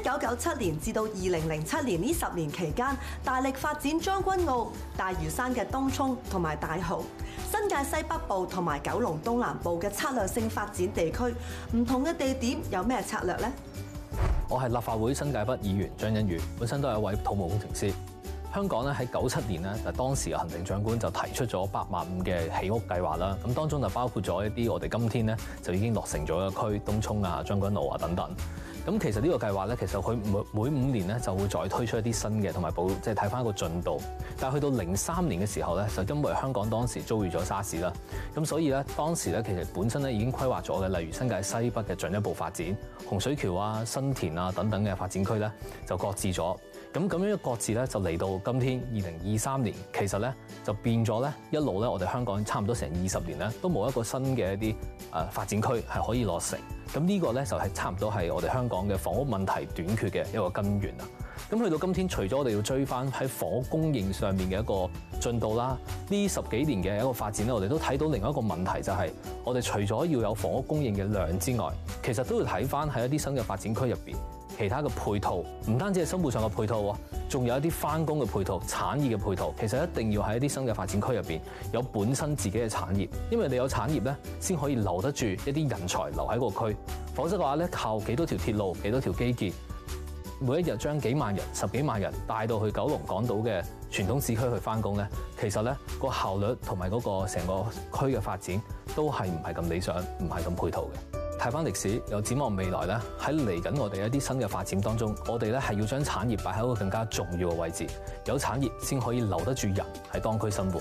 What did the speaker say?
一九九七年至到二零零七年呢十年期間，大力發展將軍澳、大嶼山嘅東涌同埋大蚝、新界西北部同埋九龍東南部嘅策略性發展地區，唔同嘅地點有咩策略呢？我係立法會新界北議員張欣宇，本身都係一位土木工程師。香港咧喺九七年咧，就當時嘅行政長官就提出咗八萬五嘅起屋計劃啦。咁當中就包括咗一啲我哋今天咧就已經落成咗嘅區，東涌啊、將軍澳啊等等。咁其實呢個計劃咧，其實佢每每五年咧就會再推出一啲新嘅，同埋保即係睇翻個進度。但係去到零三年嘅時候咧，就因為香港當時遭遇咗沙士啦，咁所以咧當時咧其實本身咧已經規劃咗嘅，例如新界西北嘅進一步發展、洪水橋啊、新田啊等等嘅發展區咧，就擱置咗。咁咁樣一個字咧，就嚟到今天二零二三年，其實咧就變咗咧一路咧，我哋香港差唔多成二十年咧，都冇一個新嘅一啲誒發展區係可以落成。咁呢個咧就係、是、差唔多係我哋香港嘅房屋問題短缺嘅一個根源啊！咁去到今天，除咗我哋要追翻喺房屋供應上面嘅一個進度啦，呢十幾年嘅一個發展咧，我哋都睇到另一個問題就係，我哋除咗要有房屋供應嘅量之外，其實都要睇翻喺一啲新嘅發展區入邊其他嘅配套，唔單止係生活上嘅配套喎，仲有一啲翻工嘅配套、產業嘅配套，其實一定要喺一啲新嘅發展區入邊有本身自己嘅產業，因為你有產業咧，先可以留得住一啲人才留喺個區，否則嘅話咧，靠幾多條鐵路、幾多條基建，每一日將幾萬人、十幾萬人帶到去九龍港島嘅傳統市區去翻工咧，其實咧個效率同埋嗰個成個區嘅發展都係唔係咁理想，唔係咁配套嘅。睇翻歷史又展望未來咧，喺嚟緊我哋一啲新嘅發展當中，我哋咧係要將產業擺喺一個更加重要嘅位置，有產業先可以留得住人喺當區生活。